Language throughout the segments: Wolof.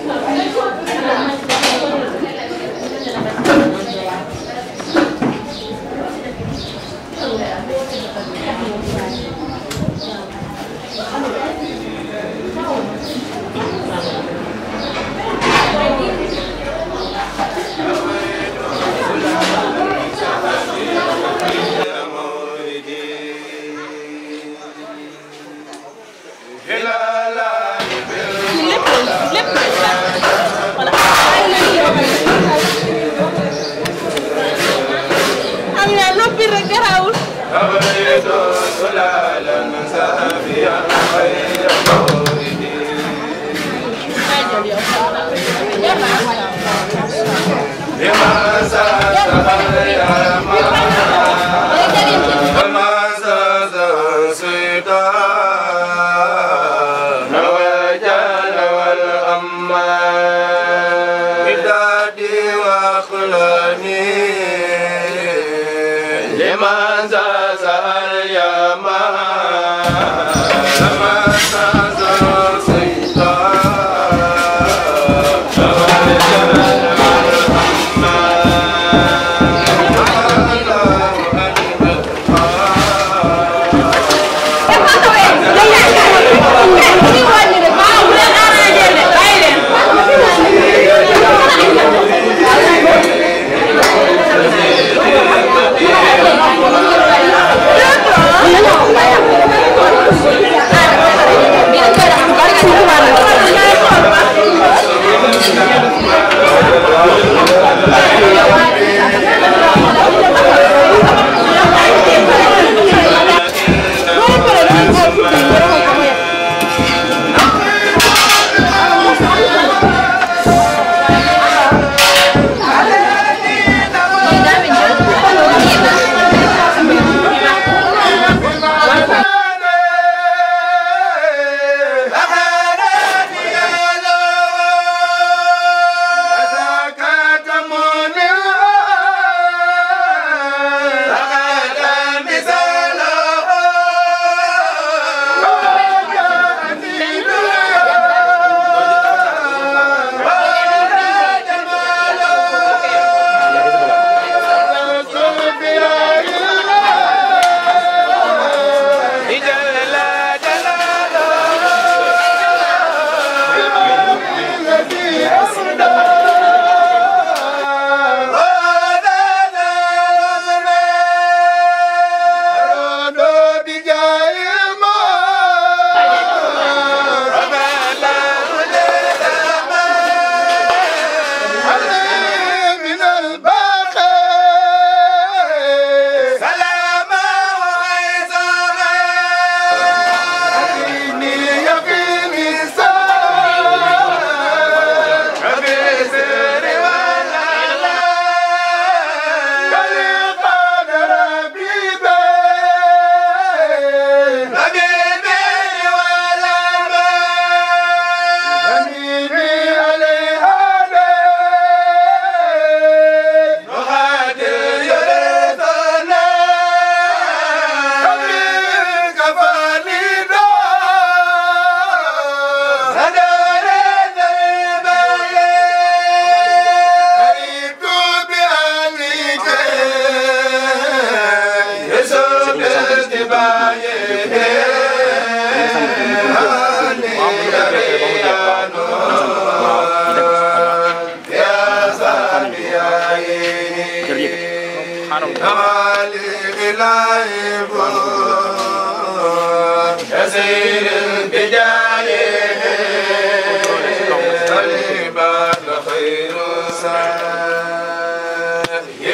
Thank you.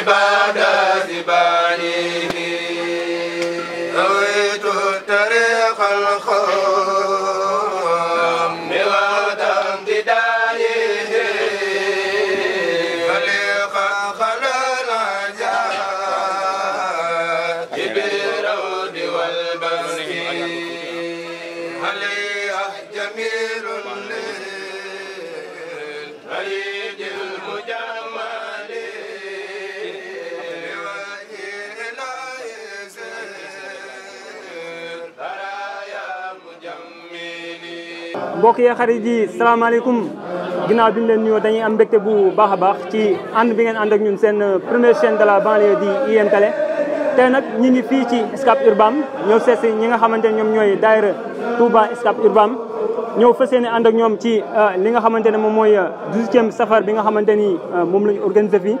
ba bokk yi xarit yi salaamaaleykum ginnaaw bi ñu leen nuyoo dañuy am bu baax a baax ci ànd bi ngeen ànd ak ñun seen première chaîne de la banlieue di IM Télé tey nag ñi ngi fii ci Scat Urbam ñoo seet ñi nga xamante ñoom ñooy daayira Touba Scat Urbam ñëw fas yéene ànd ak ñoom ci euh, li nga xamante ne moom mooy 18e euh, safar bi nga xamante ni euh, moom la ñu organisé fii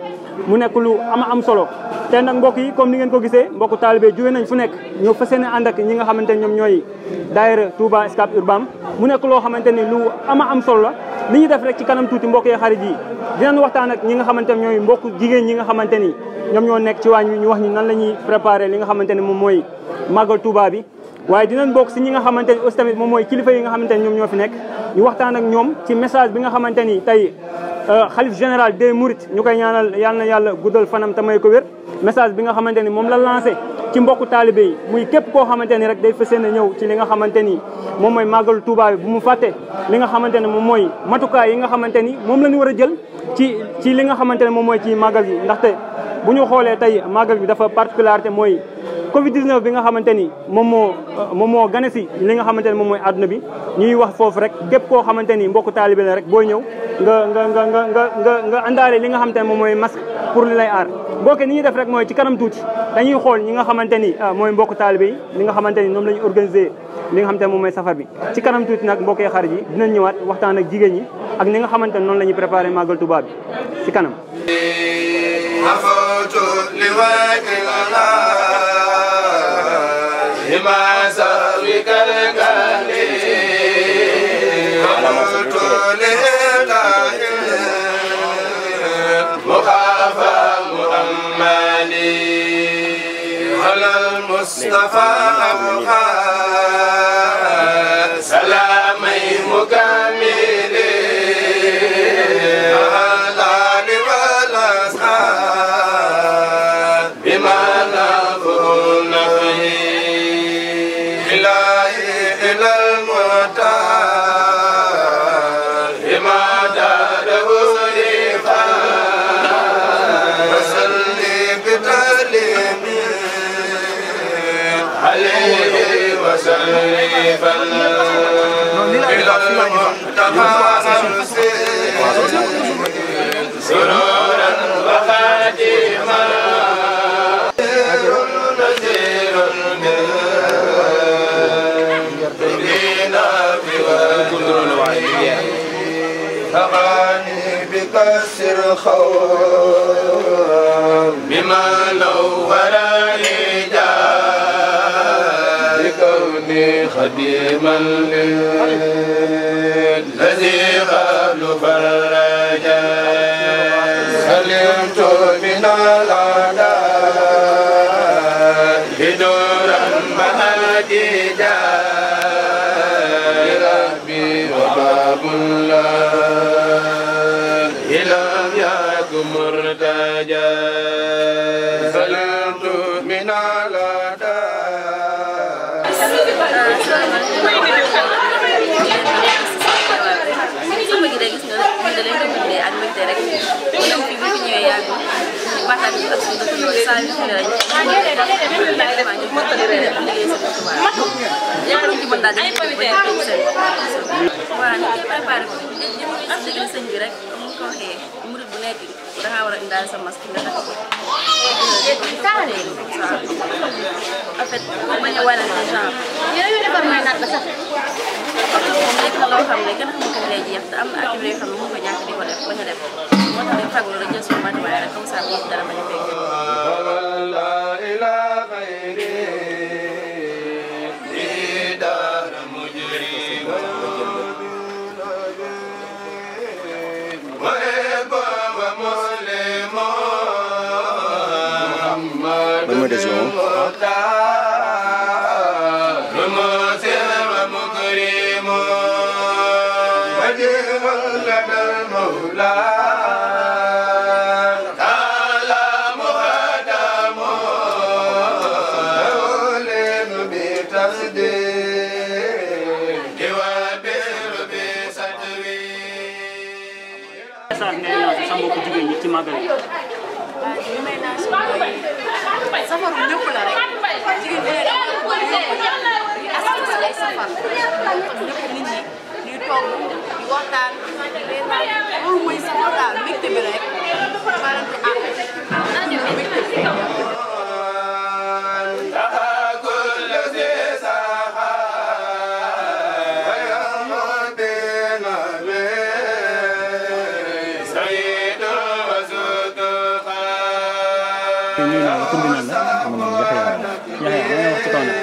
mu nekk lu ama am solo te nag mbokk yi comme ni ngeen ko gisee mbokk taalibe jóge nañ fu nekk ñëw fas yéene ñi nga xamante ni ñoom ñooy daayira Touba Escape Urbam mu nekk loo xamante ni lu ama am solo la li ñu def rek ci kanam tuuti mbokk yi xarit yi dinañ waxtaan ak ñi nga xamante ne ñooy mbokk jigéen ñi nga xamante ni ñoom ñoo nekk ci waañ wi ñu wax ñi nan la ñuy préparé li nga xamante ne moom mooy màggal Touba bi waaye dinañ bokk si ñi nga xamante ni aussi tamit moom mooy kilifa yi nga xamante ni ñoom ñoo fi nekk ñu waxtaan ak ñoom ci message bi nga xamante ni tey euh, xalif général des Mourides ñu koy ñaanal yal na yàlla guddal fanam te may ko message bi nga xamante ni moom la lancé ci mbokku taalibe yi muy képp koo xamante ni rek day fas yéene ñëw ci li nga xamante ni moom mooy màggalu Tuubaa bi bu mu fàttee li nga xamante ne moom mooy matukaay yi nga xamante ni moom la ñu war a jël ci ci li nga xamante ne moom mooy ci màggal gi ndaxte bu ñu xoolee tey màggal gi dafa particularité mooy Covid 19 bi nga xamante ni moom moo moom moo gane si li nga xamante ni moom mooy àdduna bi ñuy wax foofu rek képp koo xamante ni mbokku taalibe la rek booy ñëw nga nga nga nga nga nga àndaale li nga xamante ni moom mooy masque pour li lay aar. boo ko ni ñuy def rek mooy ci kanam tuuti dañuy xool ñi nga xamante ni ah, mooy mbokku taalibe yi li nga xamante ni ñoom la ñu organisé li nga xamante ni moom mooy safar bi. ci kanam tuuti nag mbokk yi xarit yi dinañ ñëwaat waxtaan ak jigéen ñi ak ni nga xamante ni noonu la ñuy préparé màggal Tuubaa bi ci kanam. ما سويك الكليل قلت لقائل مخافا مؤملي على المصطفى أبقى سلامي مكان فغاني بكسر خوان بما لو ولا إيجاد خديما للذي daal sa masque nga ko en fait pour bañ a wane sa genre yooyu defar may naat ba sax parce nekk na loo xam ne kenn xamul ko lay jeex te am na activité yoo xam ne mun ko ñàkk di ko def bañ a def moo tax dañ fagul rek jël suñu matuwaay rek comme ça bu dara bañ a fekk waaw li may naan safaru ñëpp la rek jigéen ñi lay def askan bi lay safar ñëpp nit ñi waxtaan di reetaan loolu mooy si waxtaan mbégte Ini nah, itu lah, kamu nggak ya, ya, ya,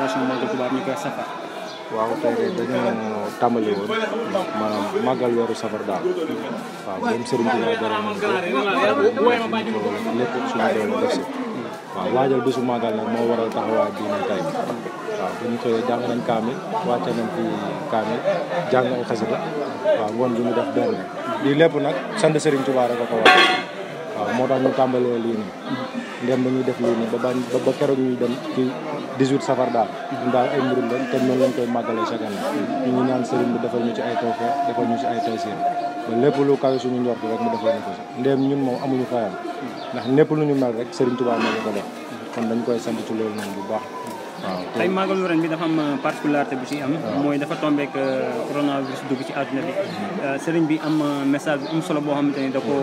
préparation Magal Touba ñu koy safar. waaw tey de dañoo tàmbali woon maanaam màggal weeru safar daal waaw même Serigne Touba dara nañ ko lépp suñu doole def si waaw waajal bésu màggal nag moo waral taxawaay bii nii tey waaw bu ñu xëyee jàng nañ kaamil wàcce nañ kaamil jàng ay waaw ngoon bi ñu def benn lii lépp nag sant Serigne Touba rek a ko waral. waaw moo tax ñu tàmbalee lii nii ndem ba ñuy def lii nii ba bañ ba keroog ñuy dem ci 18 safar daal ñu daal ay mbirum lañ te noonu lañ koy màggalee chaque année ñu ñaan sëriñ bi defal ñu ci ay tawfeex defal ñu ba lépp lu kawe suñu njort rek mu defal ñu ko si ñun moom amuñu fayam ndax népp lu ñu mel rek sëriñ Tuubaa moo ko def kon dañ koy sant ci loolu noonu bu baax waaw tey màggalu ren bi dafa am euh, particularité bu ci am. mooy dafa tombé ak euh, coronavirus dugg ci àdduna bi. Hmm. Euh, sëriñ bi am message bu am solo boo xam ne da ko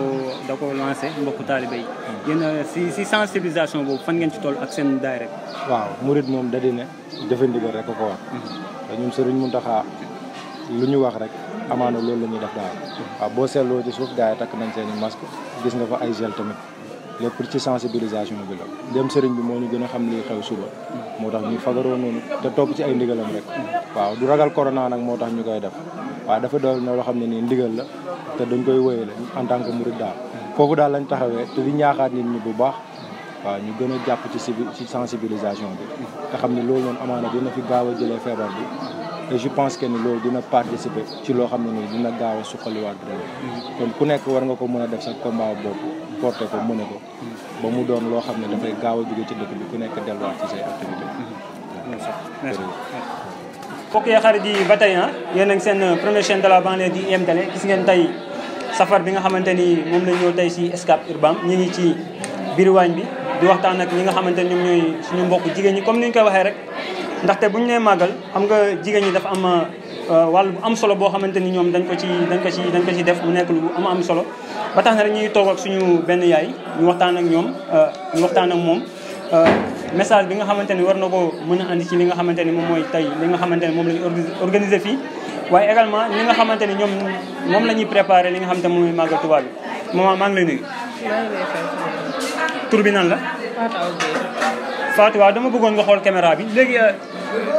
da ko lancé mbokku taalibe yi. Hmm. yéen si si sensibilisation boobu fan ngeen ci toll ak seen daay waaw murit moom da di ne jëfe ndigal rek ko ko wax. Hmm. te ñun sëriñ Mountakha lu ñu wax rek. amaana loolu la ñuy def daal. waaw boo seeloo ci suuf gars yi takk nañ seen i gis nga fa ay gel tamit. lépp ci sensibilisation bi la dem sëriñ bi moo ñu gën a xam li xew suba moo tax ñu fagaroo noonu te topp ci ay ndigalam rek waaw du ragal corona nag moo tax ñu koy def waaw dafa doon loo xam ne nii ndigal la te dañ koy wéyale en tant que murid daal foofu daal lañ taxawee te di ñaaxaat nit ñi bu baax waaw ñu gën a jàpp ci ci sensibilisation bi te xam ne loolu noonu amaana dina fi gaaw a jëlee feebar bi et je pense que ni loolu dina participer ci loo xam ne nii dina gaaw a suqaliwaat bi mm-hmm. kon ku nekk war nga ko mën a def sa combat boobu porté ko mën ko ba mu loo xam ne dafay gaaw a jóge ci bi mhm. fokk ya xarit yi ba tey ah yéen a ngi seen euh, première chaîne de la banlieue di IM Télé gis ngeen tey safar bi nga xamante ni moom la ñëw tey si Scat Urbam ñu ngi ci biir waañ bi di waxtaan ak ñi nga xamante ni ñoom ñooy suñu mbokk jigéen ñi comme ni ñu koy waxee rek ndaxte bu ñu nee màggal xam nga jigéen ñi dafa am euh, Euh, wàll bu am solo boo xamante ni ñoom dañ ko ci dañ ko ci dañ ko ci def mu nekk lu am am solo ba tax na rek ñuy toog ak suñu benn yaay ñu waxtaan ak ñoom euh, ñu waxtaan ak moom euh, message bi nga xamante ni war na ko mën a andi ci li nga xamante ni moom mooy tey li nga xamante ni moom la ñu organiser fii waaye également li nga xamante ni ñoom moom la ñuy préparé li nga xamante moom mooy màggal Tuubaa bi maman maa ngi lay nuyu tur bi nan la Fatou waaw dama bëggoon nga xool caméra bi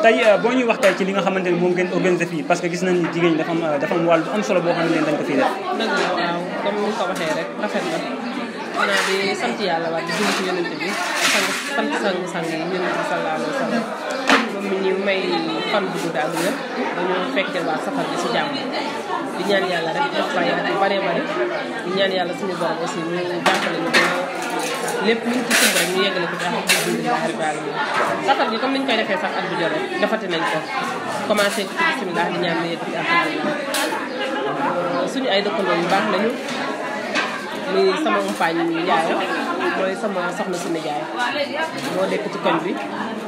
tey euh, boo ñuy wax tey ci li nga xamante ne moom ngeen organisé fii parce que gis na ni jigéen ñi dafa am euh, dafa am wàll bu am solo boo xam ne dañ ko nga waxee rek rafet na xanaa di sant yàlla waat di dund ci yonent bi sant sant sang sang yi yonent bi sallallahu alayhi wa sallam moom may fan bu gudd ak wér fekkee waa safar bi si jàmm di ñaan yàlla rek def bàyyi at yu bëree bëri ñaan yàlla suñu borom aussi mu jàppale ñu ko. lépp lu ñu ci sumb rek ñu yeggale ko ni ñu koy defee sax at bu jot rek nañ ko commencé ko ci bisimilah di ñaan ay dëkkandoo yu baax lañu muy sama compagne Ndiaye mooy sama soxna si Ndiaye moo dëkk ci koñ bi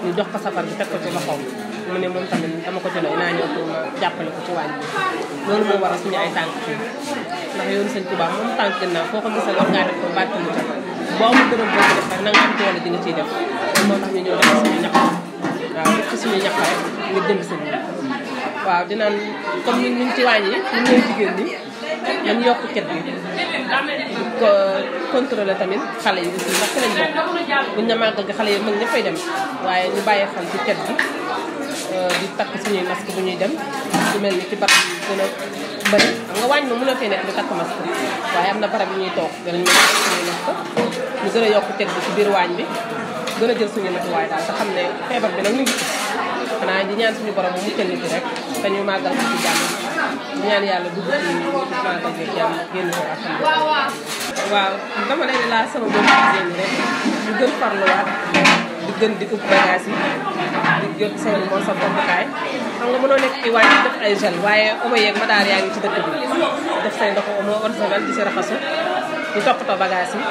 ñu jox ko safar bi teg ko ci loxoom mu ne moom tamit dama ko jëloon naa ñëw pour jàppale ko ci wàññi loolu moo waral suñu ay tànk fii ndax yoonu sëñ Tuubaa moom tànk gën naa foo ko gisal war ngaa def ko barke mu ca boo amul dërëm boo ko def rek na am doole di nga ciy def kon moo tax ñu ñëw defal suñu ñaq waaw def suñu ñaq rek ngir jënd seen waaw ñu ci wàññi ñun ñooy jigéen ñi nañ yokk cet bi ko contrôler tamit xale yi aussi ndax ci lañ bokk buñ dem waaye ñu bàyyi xel ci cet bi di takk suñuy masque bu ñuy dem lu mel ni ci barab yi gën bëri xam nga wàññi ma mënoo a nekk di takk masque waaye am na barab yu ñuy toog danañ mën a suñuy masque ñu gën a yokk teg bi ci biir waañ bi gën a jël suñu matuwaay daal te xam ne feebar bi nag ñu ngi xanaa di ñaan suñu borom mu muccal nit rek ñu màggal ko ci ñaan yàlla dugg ci màggal bi jàmm génn ko waaw dama lay laaj sama bopp jigéen ñi rek ñu gën farluwaat di gën di ub bagage yi di jot seen moo sa bombukaay xam nga mënoo nekk ci wàññi def ay gel waaye omo yeeg madaar yaa ngi ci dëkk bi def say ndoxu omo orsonal di si raxasu di toppatoo bagage yi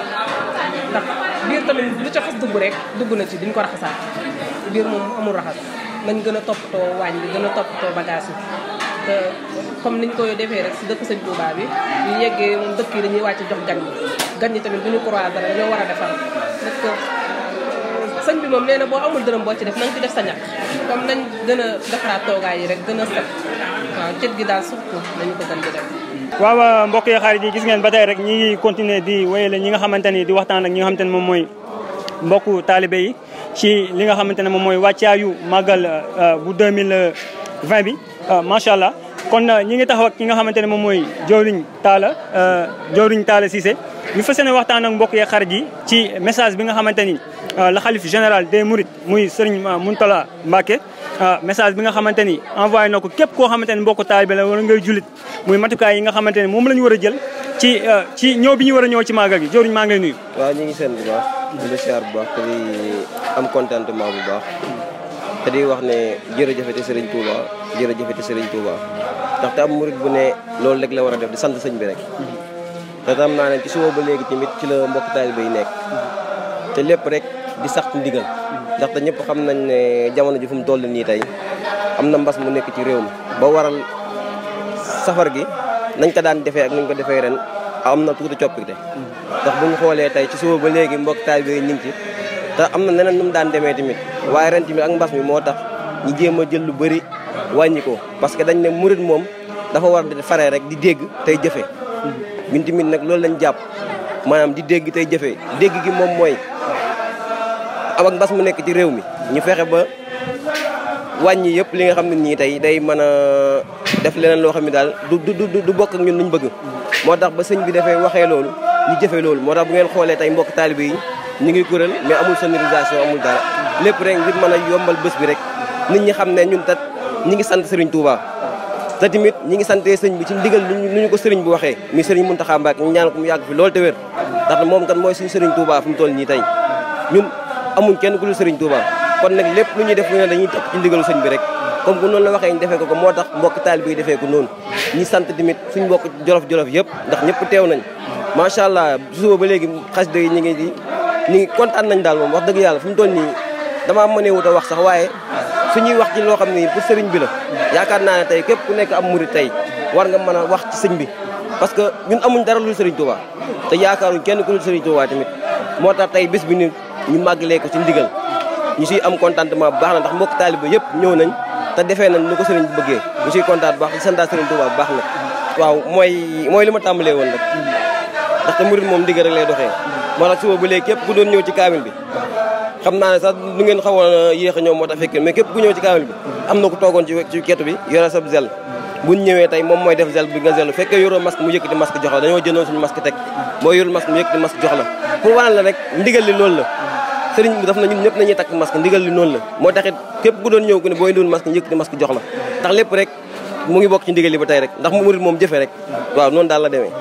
ndax biir tamit lu ca rek dugg na ci duñ ko raxasaat biir moom amul raxas nañ gën a toppatoo waañ bi gën a toppatoo bagage yi te comme niñ koy defee rek si dëkk sëñ Touba bi ñu yeggee moom dëkk yi dañuy wàcc jox gan ñi gan ñi tamit bu ñu croiser dara ñoo war a defar sëñ bi moom nee na boo amul dërëm boo ci def na ci def sa ñàkk nañ gën a defaraat yi rek gën a set waaw mbokk yi xarit yi gis ngeen ba tey rek ñi ngi continuer di ñi nga xamante ni di waxtaan ak ñi nga xamante ni moom mooy mbokk taalibe yi ci li nga xamante ne moom mooy wàccaayu màggal euh, bu 2020 bi euh, macha allah. kon euh, ñi ngi taxaw ak ki nga xamante ne moom mooy jawriñ Talla jawriñ taala Cissé ñu fas yéene waxtaan ak mbokk yi xarit yi ci message bi nga xamante ni. Euh, la xalif général des Mourides muy Serigne Mountakha Mbacké euh, message bi nga xamante ni envoyé na ko képp koo xamante ni mbokk taalibe la wala ngay jullit muy matukaay yi nga xamante ni moom la ñu war a jël ci euh, ci bi ñu war a ñëw ci màggal gi jëruñ maa ngi lay nuyu. waaw ñu ngi seen bu baax. di siyaar bu baax te di am contentement bu baax. te di wax ne jërëjëfete Serigne Touba jërëjëfete Serigne Touba ndaxte am murit bu ne loolu rek la war a def di sant sëñ bi rek. Mm-hmm. te tam naa ne ci suba ba te lépp rek di sax ndigal ndaxte ñëpp xam nañ ne jamono ji fu mu toll nii tey am na mbas mu nekk ci réew mi ba waral safar gi nañ ko daan defee ak nuñ ko defee ren am na tuuti coppite ndax bu ñu xoolee tey ci suba ba léegi mbokk taal bi ñu ngi ci te am na neneen nu mu daan demee tamit waaye ren tamit ak mbas mi moo tax ñu jéem a jël lu bëri wàññi ko parce que dañ ne murit moom dafa war di faree rek di dégg tey jëfe ñun tamit nag loolu lañ jàpp maanaam di dégg tey jëfee dégg gi moom mooy ab ak mbas mu nekk ci réew mi ñu fexe ba wàññi yëpp li nga xam ne nii tey day mën a def leneen loo xam ne daal du du du bokk ak ñun luñ bëgg moo tax ba sëñ bi defee waxee loolu ñu jëfee loolu moo tax bu ngeen xoolee tey mbokk taalibe yi ñu ngi kuréel mais amul sonorisation amul daal lépp rek ngir mën a yombal bés bi rek nit ñi xam ne ñun tat ñu ngi sant Serigne Touba sa tamit ñi ngi sante sëñ bi ci ndigal lu ñu ko sëriñ bi waxee muy sëriñ Muntaxa Mbàkke ñu ñaan mu yàgg fi loolu te wér ndax moom kan mooy suñu sëriñ Touba fi mu toll nii tey ñun amuñ kenn ku dul sëriñ Touba kon nag lépp lu ñuy def lu ne dañuy topp ci ndigalu sëñ bi rek comme que noonu la waxee ñu defee ko ko moo tax mbokk taal yi defee ko noonu ñi sant tamit suñ mbokk jolof-jolof yëpp ndax ñëpp teew nañ macha allah suba ba léegi xasida yi ñu ngi di ñu ngi kontaan nañ daal moom wax dëgg yàlla fi mu toll nii damaa mënee wut a wax sax waaye suñuy wax ci loo xam ne sëriñ bi la yaakaar naa ne tey képp ku nekk am murid tey war nga mën a wax ci sëñ bi parce que ñun amuñ dara lu sëriñ Touba te yaakaaru kenn ku dul sëriñ Touba tamit moo tax tey bis bi ni ñu màggalee ko ci ndigal ñu siy am contentement bu baax na ndax mbokk taaliba yëpp ñëw nañ te defee nañ ni ko sëriñ bi bëggee ñu siy kontaan bu baax di santaat sëriñ Touba bu baax nag waaw mooy mooy li ma tàmbalee woon rek ndaxte murid moom ndigal rek lay doxee moo tax suba bu léegi képp ku doon ñëw ci kaamil bi xam naa ne sax lu ngeen xaw a yéex ñoom moo tax fekkee mais képp ku ñëw ci kaamil bi am na ku toogoon ci ketu bi yore sab zel bu ñëwee tey moom mooy def gel bi nga gelu fekkee yoroo masque mu yëkkati masque jox la dañoo jëndoon suñu masque teg boo yorul masque mu jox la pour waral rek ndigal li loolu la sëriñ bi daf na ñun takk masque ndigal li noonu la moo taxit képp ku doon ñëw ku ne booy indiwul masque ñu yëkkati masque jox la ndax lépp rek mu ngi bokk ci ndigal ba tey rek ndax mu murit moom jëfe rek waaw noonu la demee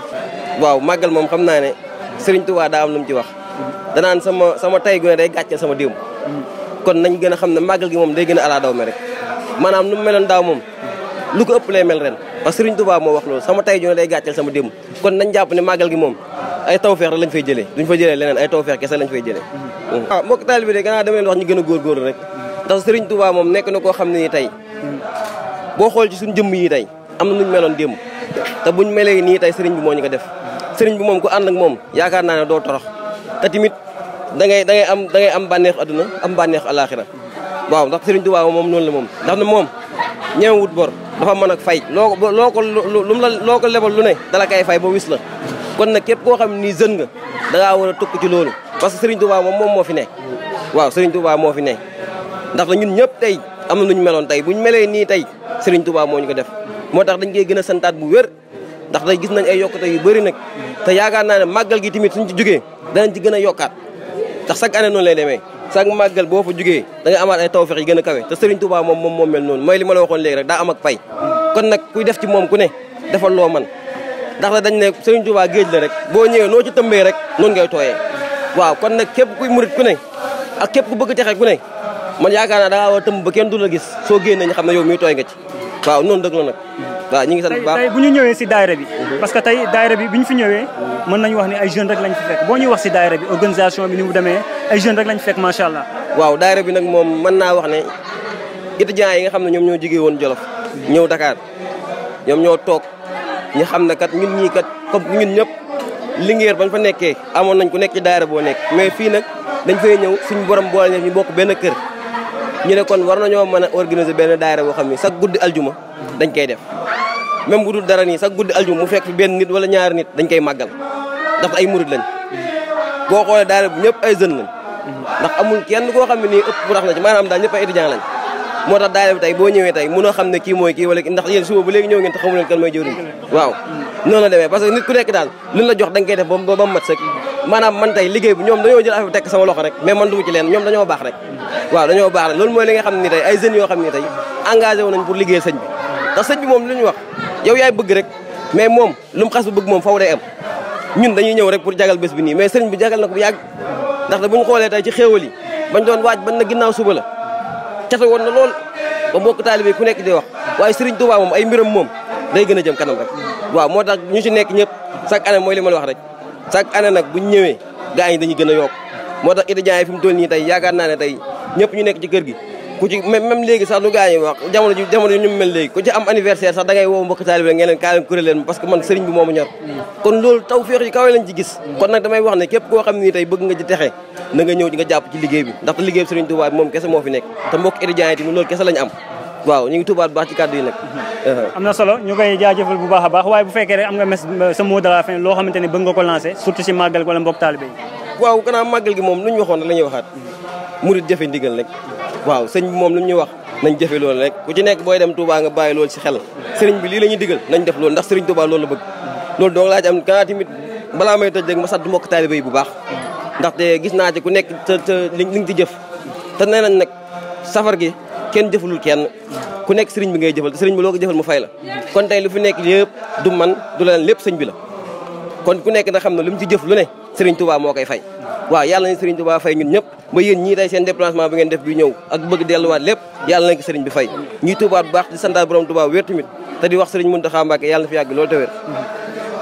waaw màggal moom xam naa ne sëriñ Tuubaa daa am lu wax danaan sama sama tay gu ne day gàcce sama démb kon nañ gën a xam ne màggal gi moom day gën a alaa daw me rek maanaam nu mu meloon daaw moom lu ko ëpp lay mel ren parce que Sëriñ Tuubaa moo wax loolu sama tay ju ne day gàcceel sama démb kon nañ jàpp ne màggal gi moom ay tawfeex rek lañ fay jëlee duñ fa jëlee leneen ay tawfeex kese lañ fay jëlee waaw mm-hmm. ah, mbokk taal bi de gannaaw dama leen wax ñu gën a góorgóorlu rek ndax Sëriñ moom nekk na koo xam ne ni tey boo xool ci suñu jëmm yi tey am na nuñ meloon démb te buñ melee nii tey sëriñ bi moo ñu ko def sëriñ bi moom ku ànd ak moom yaakaar naa ne doo torox te tamit da ngay am da ngay am banneex adduna am bànneex alaxira waaw ndax Serigne Touba moom noonu la moom ndax na moom ñeewut bor dafa mën ak fay loo ko loo ko lum la loo ko lebal lu ne dala kay fay ba wis la kon na képp koo xam ni jeune nga da ngaa war a tukk ci loolu parce que Serigne Touba moom moom moo fi nekk waaw Serigne Touba moo fi nekk ndax la ñun ñëpp tey am na nu ñu meloon tey bu ñu melee nii tey Serigne Touba moo ñu ko def moo tax dañ koy gën a santaat bu wér ndax day gis nañ ay yokkute yu bëri nag te yaakaar naa ne màggal gi tamit suñ ci jógee danañ ci gën a yokkaat ndax chaque année noonu lay demee chaque màggal boo fa jógee da nga amaat ay tawfeex gën a kawe te Serigne Touba moom moom moom mel noonu mooy li ma la waxoon léegi rek daa am ak kon nag kuy def ci moom ku ne defal loo man ndax dañ ne sëriñ Touba géej la rek boo ñëwee noo ci tëmbee rek noonu ngay tooyee waaw kon nag képp kuy murit ku ne ak képp ku bëgg texe ku ne man yaakaar naa da ngaa war a tëmb ba kenn du la gis soo génnee ñu xam ne yow mii tooy nga ci waaw noonu dëgg la nag. waaw ñu ngi sant bu baax bu ñu ñëwee si daayira bi. parce que tey daayira bi bi ñu fi ñëwee. mën nañu wax ne ay jeunes rek lañ fi fekk boo ñuy wax si daayira bi organisation bi ni mu demee ay jeunes rek lañ fi fekk macha allah. waaw daayira bi nag moom mën naa wax ne étudiants yi nga xam ne ñoom ñoo jigee woon Jolof ñëw Dakar ñoom ñoo toog ñu xam ne kat ñun ñii kat comme ñun ñëpp Linguère bañ fa nekkee amoon nañ ku nekk ci daayira boo nekk mais fii nag dañ fay ñëw suñu borom boole ñu bokk benn kër ñu ne kon war nañoo mën a organiser benn daayira boo xam ni sax guddi aljuma dañ koy def même bu dul dara nii sax guddi aljuma mu fekk fi benn nit wala ñaar nit dañ koy màggal ndax ay murit lañ boo xoolee daayira bu ñëpp ay jeunes lañ ndax amul kenn goo xam ne nii ëpp bu rax na ci maanaam daal ñëpp ay étudiant lañ moo tax daayira bi tey boo ñëwee tey mënoo xam ne kii mooy kii ndax yéen suba ba léegi ñëw ngeen te xamu leen kan mooy jëriñ waaw noonu demee parce que nit ku nekk daal luñ la jox da nga koy def ba ba mat sëkk maanaam man tey liggéey bi ñoom dañoo jël affaire bi tekk sama loxo rek mais man du mu ci leen ñoom dañoo baax rek waaw dañoo baax rek loolu mooy li nga xam ni tey ay jeunes yoo xam ne tey engagé wu nañ pour liggéey sëñ bi ndax sëñ bi moom lu ñu wax yow yaay mu xas bu bëgg moom faw day am ñun ñëw rek pour jagal bés bi nii mais sëriñ bi jagal na ko bu yàgg ndax bu ñu xoolee tey ci xéewal suba la jafe woon na lool ba mbokk taalibe ku nekk di wax waaye Serigne Touba moom ay mbiram moom day gën a jëm kanam rek waaw moo tax ñu ci nekk ñëpp chaque année mooy li ma la wax rek chaque année nag bu ñëwee gaa yi dañuy gën yokk moo tax étudiants yi fi mu toll nii tey yaakaar naa ne tey ñëpp ñu nekk ci kër gi ku ci même léegi sax lu gars yi wax jamono ji jamono ñu mel léegi ku ci am anniversaire sax da ngay mbokk taalibe ngeen kaa yi hmm. hmm. nga ci texe na nga ñëw nga jàpp nekk te mbokk étudiants ñu ngi yi nag hmm. uh-huh. am bu baax a baax waaye bu fekkee rek am nga mes euh, sa mot de la fin loo ne bëgg nga ko surtout si màggal wala mbokk taalibe waaw kanaa màggal gi moom lu waxoon rek la waxaat murid jëfe ndigal rek waaw sëñ bi moom lu ñuy wax nañ jëfe loolu rek ku ci nekk booy dem Touba nga bàyyi lool si xel sëriñ bi lii la ñuy digal nañ def loolu ndax sëriñ Touba loolu la bëgg loolu donc laa ci am kanaa tamit balaa may tëj rek ma sant mbokk taalibe yi bu baax ndax ndaxte gis naa ci ku nekk te li nga ci jëf te nee nañ nag safar gi kenn jëfalul kenn ku nekk sëriñ bi ngay jëfal te sëriñ bi loo ko jëfal mu fay la kon tey lu fu nekk yëpp du man du la leen lépp sëñ bi la kon ku nekk na xam ne lu mu ci jëf lu ne Serigne Touba moo koy fay waaw yàlla nañ Serigne Touba fay ñun ñëpp ba yéen ñii tey seen déplacement bi ngeen def bi ñëw ak bëgg delluwaat lépp yàlla nañ ko Serigne bi fay ñuy tuubaat baax di santaat borom Touba wér tamit te di wax Serigne Mountakha Mbacké yàlla na fi yàgg loolu te wér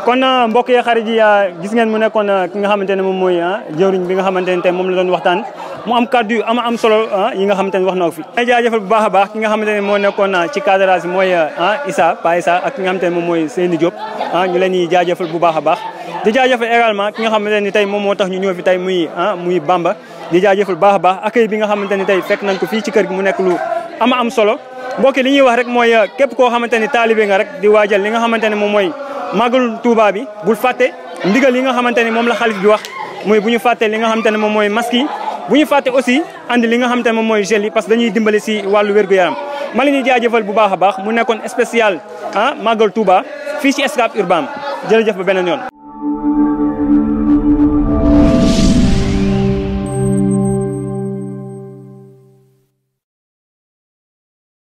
kon euh, mbokk yi xarit yi euh, gis ngeen mu nekkoon euh, ki nga xamante ne moom mooy jëwriñ bi nga xamante ne tey moom la doon waxtaan mu am kàddu yu am solo yi nga xamante ne wax na fi may jaajëfal a baax ki nga xamante ne moo nekkoon ci cadrage bi mooy ah, Issa Pa Issa ak ki nga xamante moom mooy seeni Diop ah, ñu leen di jaajëfal bu baax a baax di jaajëfal également ki nga xamante ne tey moom moo tax ñu ñëw fi tey muy ah, muy Bamba di jaajëfal baax a baax accueil bi nga xamante ne tey fekk nañ ko fii ci kër gi mu nekk lu ama am solo mbokk li ñuy wax rek mooy képp koo xamante ne taalibe nga rek di li nga xamante ne moom mooy màggalu Touba bi bul fàtte ndigal yi nga xamante ne moom la xalif bi wax muy bu ñu fàtte li nga xamante ne moom mooy masque bu ñu fàtte aussi andi li nga xamante moom mooy gel yi parce que dañuy dimbali si wàllu wér-gu-yaram ma la ñuy jaajëfal bu baax a baax mu nekkoon spécial ah màggal Touba fii si Escape Urbam jërëjëf ba beneen yoon